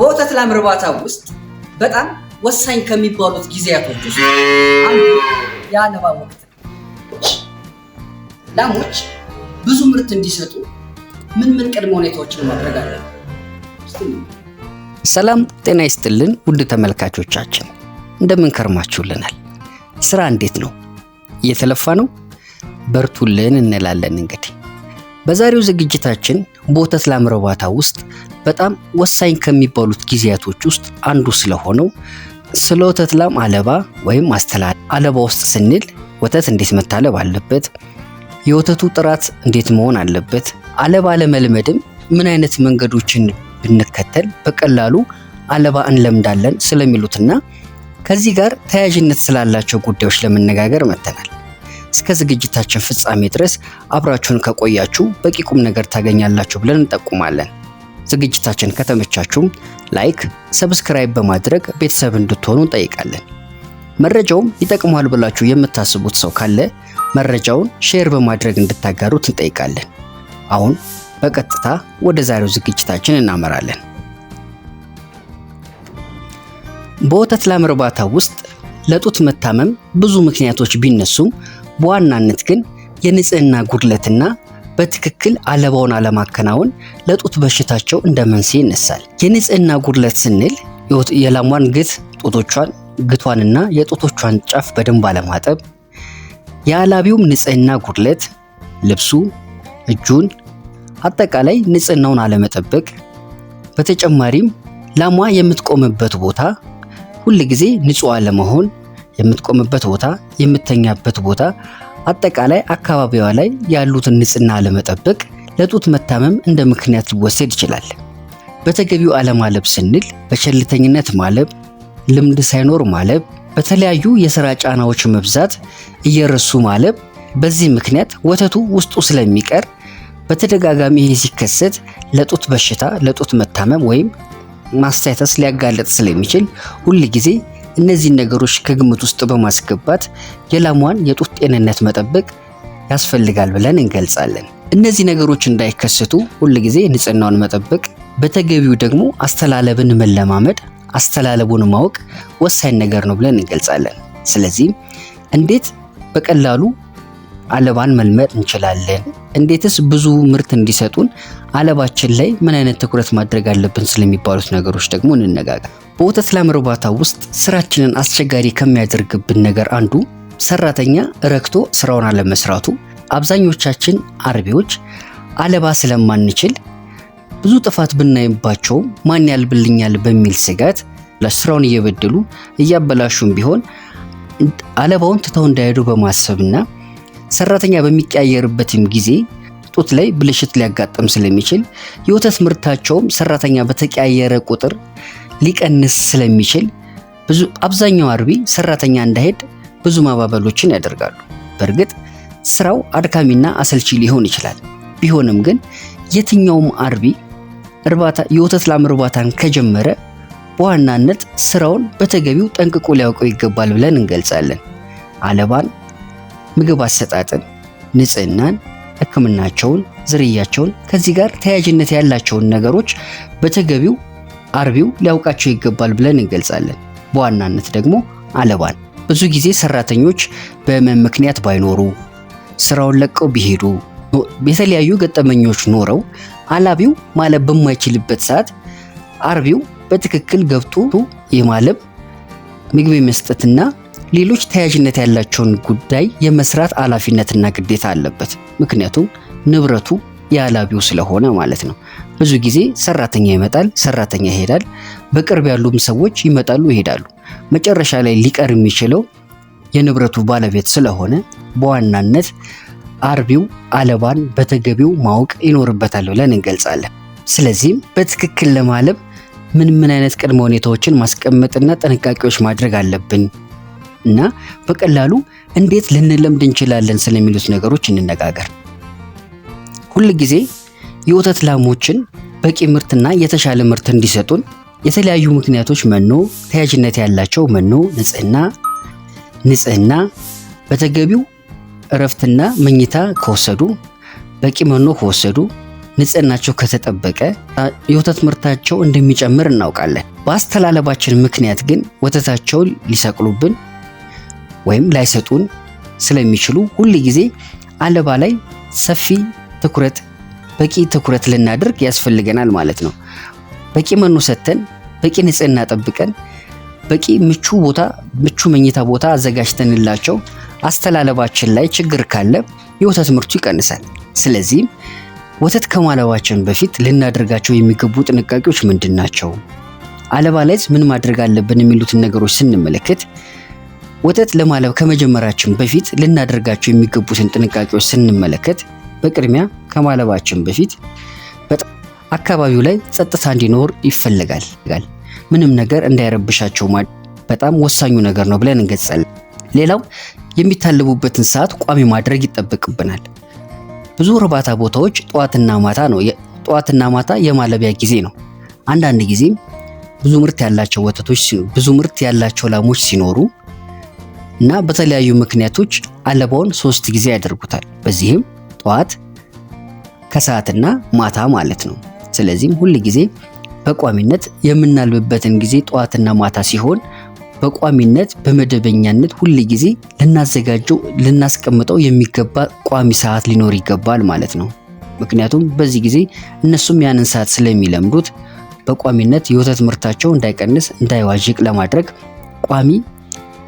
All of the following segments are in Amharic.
በወተት ላም እርባታ ውስጥ በጣም ወሳኝ ከሚባሉት ጊዜያቶች ውስጥ አንዱ የአለባ ወቅት ነው። ላሞች ብዙ ምርት እንዲሰጡ ምን ምን ቅድመ ሁኔታዎችን ማድረግ አለ? ሰላም ጤና ይስጥልን ውድ ተመልካቾቻችን እንደምን ከርማችሁልናል? ስራ እንዴት ነው? እየተለፋ ነው? በርቱልን እንላለን እንግዲህ በዛሬው ዝግጅታችን በወተት ላም እርባታ ውስጥ በጣም ወሳኝ ከሚባሉት ጊዜያቶች ውስጥ አንዱ ስለሆነው ስለ ወተት ላም አለባ ወይም አስተላለ አለባ ውስጥ ስንል ወተት እንዴት መታለብ አለበት፣ የወተቱ ጥራት እንዴት መሆን አለበት፣ አለባ ለመልመድም ምን አይነት መንገዶችን ብንከተል በቀላሉ አለባ እንለምዳለን ስለሚሉትና ከዚህ ጋር ተያያዥነት ስላላቸው ጉዳዮች ለመነጋገር መጥተናል። እስከ ዝግጅታችን ፍጻሜ ድረስ አብራችሁን ከቆያችሁ በቂ ቁም ነገር ታገኛላችሁ ብለን እንጠቁማለን። ዝግጅታችን ከተመቻችሁም ላይክ፣ ሰብስክራይብ በማድረግ ቤተሰብ እንድትሆኑ እንጠይቃለን። መረጃውም ይጠቅመዋል ብላችሁ የምታስቡት ሰው ካለ መረጃውን ሼር በማድረግ እንድታጋሩት እንጠይቃለን። አሁን በቀጥታ ወደ ዛሬው ዝግጅታችን እናመራለን። በወተት ላም እርባታ ውስጥ ለጡት መታመም ብዙ ምክንያቶች ቢነሱም በዋናነት ግን የንጽህና ጉድለትና በትክክል አለባውን አለማከናወን ለጡት በሽታቸው እንደ መንስኤ ይነሳል። የንጽህና ጉድለት ስንል የላሟን ግት ጡቶቿን ግቷንና የጡቶቿን ጫፍ በደንብ አለማጠብ፣ የአላቢውም ንጽህና ጉድለት ልብሱ፣ እጁን፣ አጠቃላይ ንጽህናውን አለመጠበቅ። በተጨማሪም ላሟ የምትቆምበት ቦታ ጊዜ ንጹህ አለመሆን የምትቆምበት ቦታ፣ የምተኛበት ቦታ፣ አጠቃላይ አካባቢዋ ላይ ያሉትን ንጽህና ለመጠበቅ ለጡት መታመም እንደ ምክንያት ሊወሰድ ይችላል። በተገቢው አለማለብ ስንል በቸልተኝነት ማለብ፣ ልምድ ሳይኖር ማለብ፣ በተለያዩ የሥራ ጫናዎች መብዛት እየረሱ ማለብ። በዚህ ምክንያት ወተቱ ውስጡ ስለሚቀር በተደጋጋሚ ይሄ ሲከሰት ለጡት በሽታ፣ ለጡት መታመም ወይም ማስታይተስ ሊያጋለጥ ስለሚችል ሁል ጊዜ እነዚህን ነገሮች ከግምት ውስጥ በማስገባት የላሟን የጡት ጤንነት መጠበቅ ያስፈልጋል ብለን እንገልጻለን። እነዚህ ነገሮች እንዳይከሰቱ ጊዜ ንጽህናውን መጠበቅ፣ በተገቢው ደግሞ አስተላለብን መለማመድ፣ አስተላለቡን ማወቅ ወሳኝ ነገር ነው ብለን እንገልጻለን። ስለዚህ እንዴት በቀላሉ አለባን መልመድ እንችላለን? እንዴትስ ብዙ ምርት እንዲሰጡን አለባችን ላይ ምን አይነት ትኩረት ማድረግ አለብን ስለሚባሉት ነገሮች ደግሞ እንነጋገር። በወተት ላም እርባታ ውስጥ ስራችንን አስቸጋሪ ከሚያደርግብን ነገር አንዱ ሰራተኛ ረክቶ ስራውን አለመስራቱ፣ አብዛኞቻችን አርቢዎች አለባ ስለማንችል ብዙ ጥፋት ብናይባቸው ማን ያልብልኛል በሚል ስጋት ለስራውን እየበደሉ እያበላሹም ቢሆን አለባውን ትተው እንዳይሄዱ በማሰብና ሰራተኛ በሚቀያየርበትም ጊዜ ጡት ላይ ብልሽት ሊያጋጥም ስለሚችል የወተት ምርታቸውም ሰራተኛ በተቀያየረ ቁጥር ሊቀንስ ስለሚችል ብዙ አብዛኛው አርቢ ሰራተኛ እንዳይሄድ ብዙ ማባበሎችን ያደርጋሉ። በእርግጥ ስራው አድካሚና አሰልቺ ሊሆን ይችላል። ቢሆንም ግን የትኛውም አርቢ እርባታ የወተት ላም እርባታን ከጀመረ በዋናነት ስራውን በተገቢው ጠንቅቆ ሊያውቀው ይገባል ብለን እንገልጻለን። አለባን፣ ምግብ አሰጣጥን፣ ንጽህናን ሕክምናቸውን፣ ዝርያቸውን ከዚህ ጋር ተያያዥነት ያላቸውን ነገሮች በተገቢው አርቢው ሊያውቃቸው ይገባል ብለን እንገልጻለን። በዋናነት ደግሞ አለባን ብዙ ጊዜ ሰራተኞች በህመም ምክንያት ባይኖሩ ስራውን ለቀው ቢሄዱ የተለያዩ ገጠመኞች ኖረው አላቢው ማለብ በማይችልበት ሰዓት አርቢው በትክክል ገብቶ የማለብ ምግብ የመስጠትና ሌሎች ተያያዥነት ያላቸውን ጉዳይ የመስራት ኃላፊነትና ግዴታ አለበት። ምክንያቱም ንብረቱ የአላቢው ስለሆነ ማለት ነው። ብዙ ጊዜ ሰራተኛ ይመጣል፣ ሰራተኛ ይሄዳል። በቅርብ ያሉም ሰዎች ይመጣሉ፣ ይሄዳሉ። መጨረሻ ላይ ሊቀር የሚችለው የንብረቱ ባለቤት ስለሆነ በዋናነት አርቢው አለባን በተገቢው ማወቅ ይኖርበታል ብለን እንገልጻለን። ስለዚህም በትክክል ለማለብ ምን ምን አይነት ቅድመ ሁኔታዎችን ማስቀመጥና ጥንቃቄዎች ማድረግ አለብን እና በቀላሉ እንዴት ልንለምድ እንችላለን ስለሚሉት ነገሮች እንነጋገር። ሁል ጊዜ የወተት ላሞችን በቂ ምርትና የተሻለ ምርት እንዲሰጡን የተለያዩ ምክንያቶች መኖ፣ ተያያዥነት ያላቸው መኖ፣ ንጽህና ንጽህና በተገቢው እረፍትና መኝታ ከወሰዱ በቂ መኖ ከወሰዱ ንጽህናቸው ከተጠበቀ የወተት ምርታቸው እንደሚጨምር እናውቃለን። በአስተላለባችን ምክንያት ግን ወተታቸውን ሊሰቅሉብን ወይም ላይሰጡን ስለሚችሉ ሁል ጊዜ አለባ ላይ ሰፊ ትኩረት በቂ ትኩረት ልናደርግ ያስፈልገናል ማለት ነው። በቂ መኖ ሰጥተን፣ በቂ ንጽህና ጠብቀን፣ በቂ ምቹ ቦታ ምቹ መኝታ ቦታ አዘጋጅተንላቸው አስተላለባችን ላይ ችግር ካለ የወተት ምርቱ ይቀንሳል። ስለዚህም ወተት ከማለባችን በፊት ልናደርጋቸው የሚገቡ ጥንቃቄዎች ምንድን ናቸው? አለባ ላይስ ምን ማድረግ አለብን? የሚሉትን ነገሮች ስንመለከት ወተት ለማለብ ከመጀመራችን በፊት ልናደርጋቸው የሚገቡትን ጥንቃቄዎች ስንመለከት በቅድሚያ ከማለባችን በፊት አካባቢው ላይ ጸጥታ እንዲኖር ይፈልጋል። ምንም ነገር እንዳይረብሻቸው በጣም ወሳኙ ነገር ነው ብለን እንገልጻለን። ሌላው የሚታለቡበትን ሰዓት ቋሚ ማድረግ ይጠበቅብናል። ብዙ እርባታ ቦታዎች ጠዋትና ማታ ነው ጠዋትና ማታ የማለቢያ ጊዜ ነው። አንዳንድ ጊዜም ብዙ ምርት ያላቸው ወተቶች ብዙ ምርት ያላቸው ላሞች ሲኖሩ እና በተለያዩ ምክንያቶች አለባውን ሶስት ጊዜ ያደርጉታል። በዚህም ጠዋት፣ ከሰዓትና ማታ ማለት ነው። ስለዚህም ሁል ጊዜ በቋሚነት የምናልብበትን ጊዜ ጠዋትና ማታ ሲሆን በቋሚነት በመደበኛነት ሁል ጊዜ ልናዘጋጀው ልናስቀምጠው የሚገባ ቋሚ ሰዓት ሊኖር ይገባል ማለት ነው። ምክንያቱም በዚህ ጊዜ እነሱም ያንን ሰዓት ስለሚለምዱት በቋሚነት የወተት ምርታቸው እንዳይቀንስ እንዳይዋዥቅ ለማድረግ ቋሚ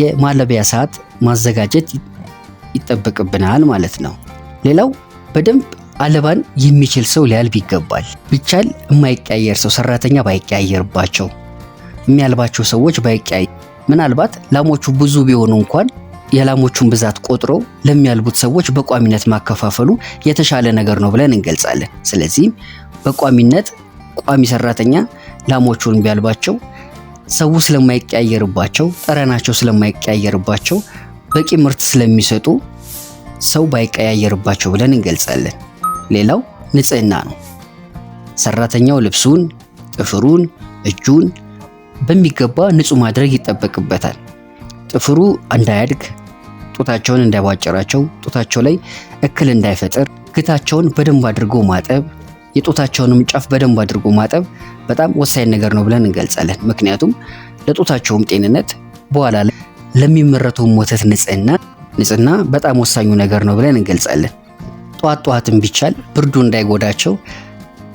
የማለቢያ ሰዓት ማዘጋጀት ይጠበቅብናል ማለት ነው። ሌላው በደንብ አለባን የሚችል ሰው ሊያልብ ይገባል። ቢቻል የማይቀያየር ሰው ሰራተኛ ባይቀያየርባቸው፣ የሚያልባቸው ሰዎች ባይቀያየ ምናልባት ላሞቹ ብዙ ቢሆኑ እንኳን የላሞቹን ብዛት ቆጥሮ ለሚያልቡት ሰዎች በቋሚነት ማከፋፈሉ የተሻለ ነገር ነው ብለን እንገልጻለን። ስለዚህም በቋሚነት ቋሚ ሰራተኛ ላሞቹን ቢያልባቸው ሰው ስለማይቀያየርባቸው፣ ጠረናቸው ስለማይቀያየርባቸው፣ በቂ ምርት ስለሚሰጡ ሰው ባይቀያየርባቸው ብለን እንገልጻለን። ሌላው ንጽህና ነው። ሰራተኛው ልብሱን፣ ጥፍሩን፣ እጁን በሚገባ ንጹህ ማድረግ ይጠበቅበታል። ጥፍሩ እንዳያድግ፣ ጡታቸውን እንዳይቧጭራቸው፣ ጡታቸው ላይ እክል እንዳይፈጥር፣ ግታቸውን በደንብ አድርጎ ማጠብ የጦታቸውንም ጫፍ በደንብ አድርጎ ማጠብ በጣም ወሳኝ ነገር ነው ብለን እንገልጻለን። ምክንያቱም ለጦታቸውም ጤንነት በኋላ ላይ ለሚመረተውም ወተት ንጽህና ንጽህና በጣም ወሳኙ ነገር ነው ብለን እንገልጻለን። ጧት ጧትም ቢቻል ብርዱ እንዳይጎዳቸው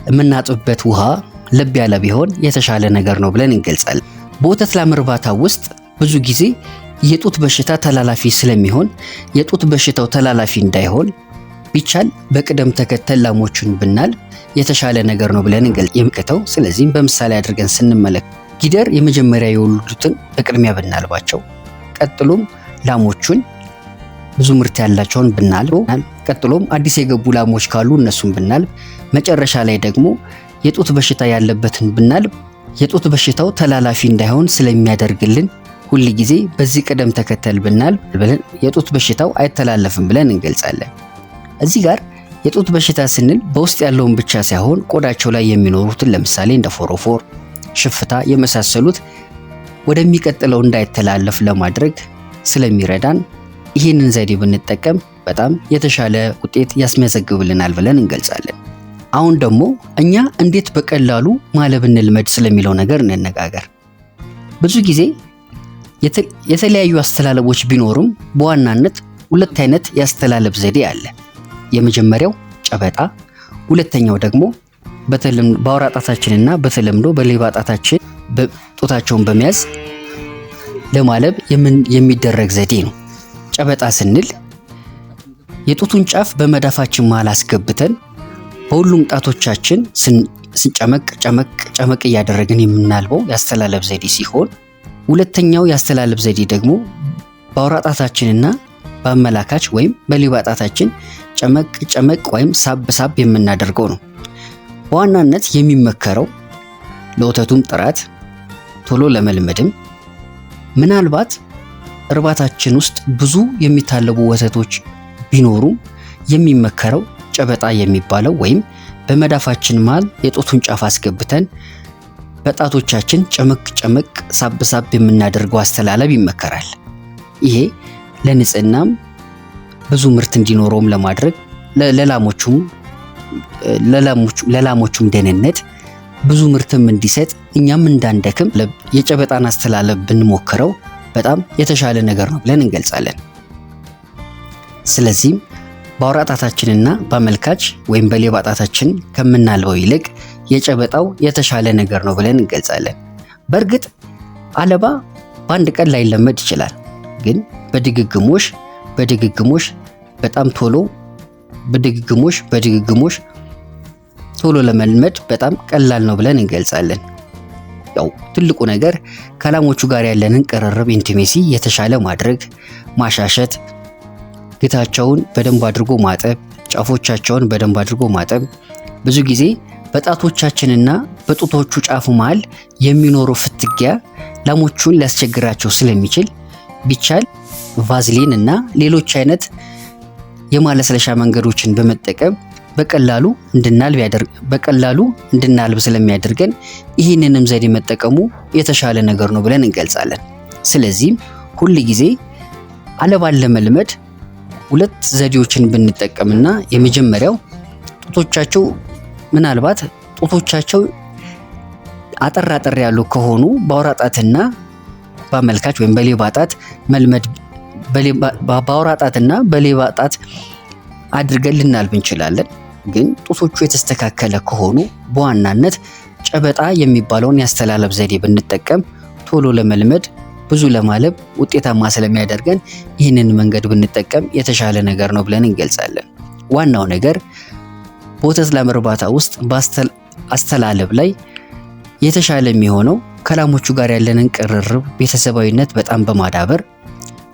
የምናጥብበት ውሃ ለብ ያለ ቢሆን የተሻለ ነገር ነው ብለን እንገልጻለን። በወተት ላም እርባታ ውስጥ ብዙ ጊዜ የጡት በሽታ ተላላፊ ስለሚሆን የጡት በሽታው ተላላፊ እንዳይሆን ቢቻል በቅደም ተከተል ላሞቹን ብናል የተሻለ ነገር ነው ብለን እንገል የምቅተው። ስለዚህም በምሳሌ አድርገን ስንመለክ ጊደር የመጀመሪያ የወለዱትን በቅድሚያ ብናልባቸው፣ ቀጥሎም ላሞቹን ብዙ ምርት ያላቸውን ብናል፣ ቀጥሎም አዲስ የገቡ ላሞች ካሉ እነሱን ብናል፣ መጨረሻ ላይ ደግሞ የጡት በሽታ ያለበትን ብናል፣ የጡት በሽታው ተላላፊ እንዳይሆን ስለሚያደርግልን ሁል ጊዜ በዚህ ቅደም ተከተል ብናል ብለን የጡት በሽታው አይተላለፍም ብለን እንገልጻለን። እዚህ ጋር የጡት በሽታ ስንል በውስጥ ያለውን ብቻ ሳይሆን ቆዳቸው ላይ የሚኖሩትን ለምሳሌ እንደ ፎሮፎር፣ ሽፍታ የመሳሰሉት ወደሚቀጥለው እንዳይተላለፍ ለማድረግ ስለሚረዳን ይህንን ዘዴ ብንጠቀም በጣም የተሻለ ውጤት ያስመዘግብልናል ብለን እንገልጻለን። አሁን ደግሞ እኛ እንዴት በቀላሉ ማለብ እንልመድ ስለሚለው ነገር እንነጋገር። ብዙ ጊዜ የተለያዩ አስተላለቦች ቢኖሩም በዋናነት ሁለት አይነት የአስተላለብ ዘዴ አለ። የመጀመሪያው ጨበጣ፣ ሁለተኛው ደግሞ በአውራ ጣታችንና በተለምዶ በሌባ ጣታችን ጡታቸውን በመያዝ ለማለብ የሚደረግ ዘዴ ነው። ጨበጣ ስንል የጡቱን ጫፍ በመዳፋችን መሃል አስገብተን በሁሉም ጣቶቻችን ስንጨመቅ ጨመቅ ጨመቅ እያደረግን የምናልበው የአስተላለብ ዘዴ ሲሆን ሁለተኛው የአስተላለብ ዘዴ ደግሞ በአውራ ጣታችንና በአመላካች ወይም በሌባ ጣታችን ጨመቅ ጨመቅ ወይም ሳብ ሳብ የምናደርገው ነው። በዋናነት የሚመከረው ለወተቱም ጥራት ቶሎ ለመልመድም ምናልባት እርባታችን ውስጥ ብዙ የሚታለቡ ወተቶች ቢኖሩም የሚመከረው ጨበጣ የሚባለው ወይም በመዳፋችን መሃል የጦቱን ጫፍ አስገብተን በጣቶቻችን ጨመቅ ጨመቅ ሳብ የምናደርገው አስተላለብ ይመከራል። ይሄ ለንጽህናም ብዙ ምርት እንዲኖረውም ለማድረግ ለላሞቹም ደህንነት ብዙ ምርትም እንዲሰጥ እኛም እንዳንደክም የጨበጣን አስተላለፍ ብንሞክረው በጣም የተሻለ ነገር ነው ብለን እንገልጻለን። ስለዚህም በአውራ ጣታችንና በአመልካች ወይም በሌባ ጣታችን ከምናልበው ይልቅ የጨበጣው የተሻለ ነገር ነው ብለን እንገልጻለን። በእርግጥ አለባ በአንድ ቀን ላይለመድ ይችላል፣ ግን በድግግሞሽ በድግግሞሽ በጣም ቶሎ በድግግሞሽ በድግግሞሽ ቶሎ ለመልመድ በጣም ቀላል ነው ብለን እንገልጻለን። ያው ትልቁ ነገር ከላሞቹ ጋር ያለንን ቅርርብ ኢንቲሜሲ የተሻለ ማድረግ፣ ማሻሸት፣ ግታቸውን በደንብ አድርጎ ማጠብ፣ ጫፎቻቸውን በደንብ አድርጎ ማጠብ። ብዙ ጊዜ በጣቶቻችንና በጡቶቹ ጫፉ መሃል የሚኖረው ፍትጊያ ላሞቹን ሊያስቸግራቸው ስለሚችል ቢቻል ቫዝሊን እና ሌሎች አይነት የማለስለሻ መንገዶችን በመጠቀም በቀላሉ እንድናልብ ያደርግ በቀላሉ እንድናልብ ስለሚያደርገን ይህንንም ዘዴ መጠቀሙ የተሻለ ነገር ነው ብለን እንገልጻለን። ስለዚህም ሁል ጊዜ አለባን ለመልመድ ሁለት ዘዴዎችን ብንጠቀምና የመጀመሪያው ጡቶቻቸው ምናልባት ጡቶቻቸው አጠር አጠር ያሉ ከሆኑ በአውራ ጣትና በአመልካች ወይም በሌባ ጣት መልመድ በአውራ ጣትና በሌባ ጣት አድርገን ልናልብ እንችላለን። ግን ጡቶቹ የተስተካከለ ከሆኑ በዋናነት ጨበጣ የሚባለውን የአስተላለፍ ዘዴ ብንጠቀም ቶሎ ለመልመድ ብዙ ለማለብ ውጤታማ ስለሚያደርገን ይህንን መንገድ ብንጠቀም የተሻለ ነገር ነው ብለን እንገልጻለን። ዋናው ነገር በወተት ላም እርባታ ውስጥ በአስተላለብ ላይ የተሻለ የሚሆነው ከላሞቹ ጋር ያለንን ቅርርብ፣ ቤተሰባዊነት በጣም በማዳበር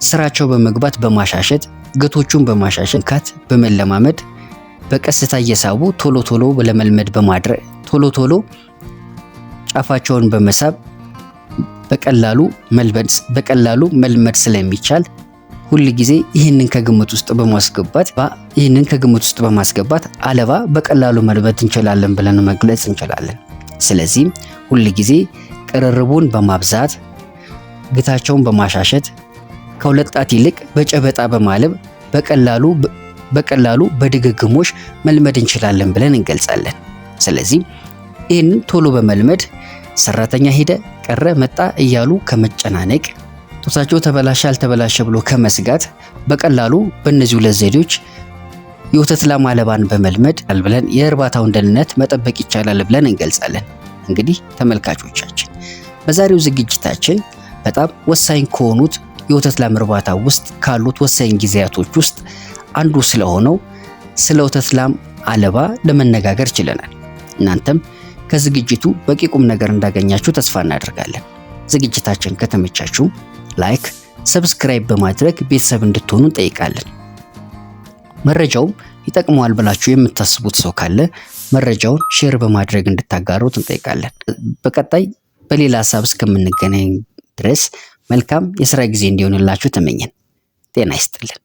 ስራቸው በመግባት በማሻሸት ገቶቹን በማሻሸት ካት በመለማመድ በቀስታ እየሳቡ ቶሎ ቶሎ ለመልመድ በማድረግ ቶሎ ቶሎ ጫፋቸውን በመሳብ በቀላሉ መልመድ በቀላሉ መልመድ ስለሚቻል ሁል ጊዜ ይህንን ከግምት ውስጥ በማስገባት ይህንን ከግምት ውስጥ በማስገባት አለባ በቀላሉ መልበድ እንችላለን ብለን መግለጽ እንችላለን። ስለዚህ ሁል ጊዜ ቅርርቡን በማብዛት ግታቸውን በማሻሸት ከሁለት ጣት ይልቅ በጨበጣ በማለብ በቀላሉ በቀላሉ በድግግሞሽ መልመድ እንችላለን ብለን እንገልጻለን። ስለዚህ ይህንን ቶሎ በመልመድ ሰራተኛ ሄደ፣ ቀረ፣ መጣ እያሉ ከመጨናነቅ ጡታቸው ተበላሸ፣ አልተበላሸ ብሎ ከመስጋት በቀላሉ በእነዚህ ሁለት ዘዴዎች የወተት ላም አለባን በመልመድ ብለን የእርባታውን ደህንነት መጠበቅ ይቻላል ብለን እንገልጻለን። እንግዲህ ተመልካቾቻችን በዛሬው ዝግጅታችን በጣም ወሳኝ ከሆኑት የወተት ላም እርባታ ውስጥ ካሉት ወሳኝ ጊዜያቶች ውስጥ አንዱ ስለሆነው ስለ ወተት ላም አለባ ለመነጋገር ችለናል። እናንተም ከዝግጅቱ በቂ ቁም ነገር እንዳገኛችሁ ተስፋ እናደርጋለን። ዝግጅታችን ከተመቻችሁ ላይክ፣ ሰብስክራይብ በማድረግ ቤተሰብ እንድትሆኑ እንጠይቃለን። መረጃውም ይጠቅመዋል ብላችሁ የምታስቡት ሰው ካለ መረጃውን ሼር በማድረግ እንድታጋሩት እንጠይቃለን። በቀጣይ በሌላ ሀሳብ እስከምንገናኝ ድረስ መልካም የስራ ጊዜ እንዲሆንላችሁ ተመኘን። ጤና ይስጥልን።